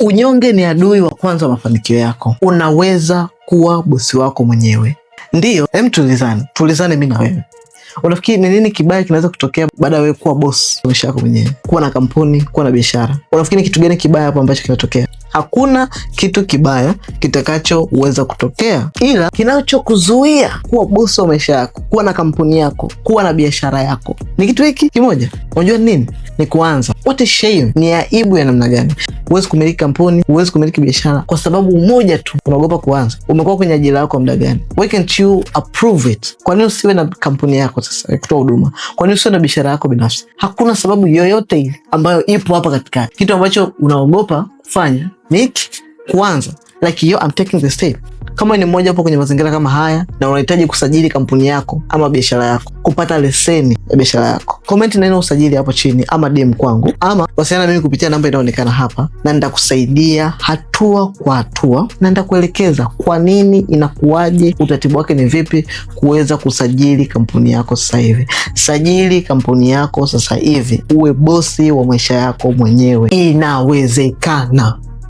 Unyonge ni adui wa kwanza wa mafanikio yako. Unaweza kuwa bosi wako mwenyewe. Ndiyo, hem, tulizane, tulizane mi na wewe. Unafikiri ni nini kibaya kinaweza kutokea baada ya wewe kuwa bosi maisha yako mwenyewe, kuwa na kampuni, kuwa na biashara? Unafikiri ni kitu gani kibaya hapo ambacho kinatokea? Hakuna kitu kibaya kitakachoweza kutokea, ila kinachokuzuia kuwa bosi wa maisha yako, kuwa na kampuni yako, kuwa na biashara yako ni kitu hiki kimoja. Unajua nini? Ni kuanza. What a shame! Ni aibu ya namna gani? Huwezi kumiliki kampuni, huwezi kumiliki biashara kwa sababu moja tu, unaogopa kuanza. Umekuwa kwenye ajira yako kwa muda gani? Why can't you approve it? Kwa nini usiwe na kampuni yako sasa ya kutoa huduma? Kwa nini usiwe na biashara yako binafsi? Hakuna sababu yoyote ile ambayo ipo hapa katikati, kitu ambacho unaogopa fanya make kwanza like yo I'm taking the step kama ni mmoja hapo kwenye mazingira kama haya na unahitaji kusajili kampuni yako ama biashara yako, kupata leseni ya biashara yako, komenti neno usajili hapo chini ama DM kwangu ama wasiliana mimi kupitia namba inaonekana hapa, na nitakusaidia hatua kwa hatua, na nitakuelekeza kwa nini inakuwaje, utaratibu wake ni vipi kuweza kusajili kampuni yako sasa hivi. Sajili kampuni yako sasa hivi, uwe bosi wa maisha yako mwenyewe, inawezekana.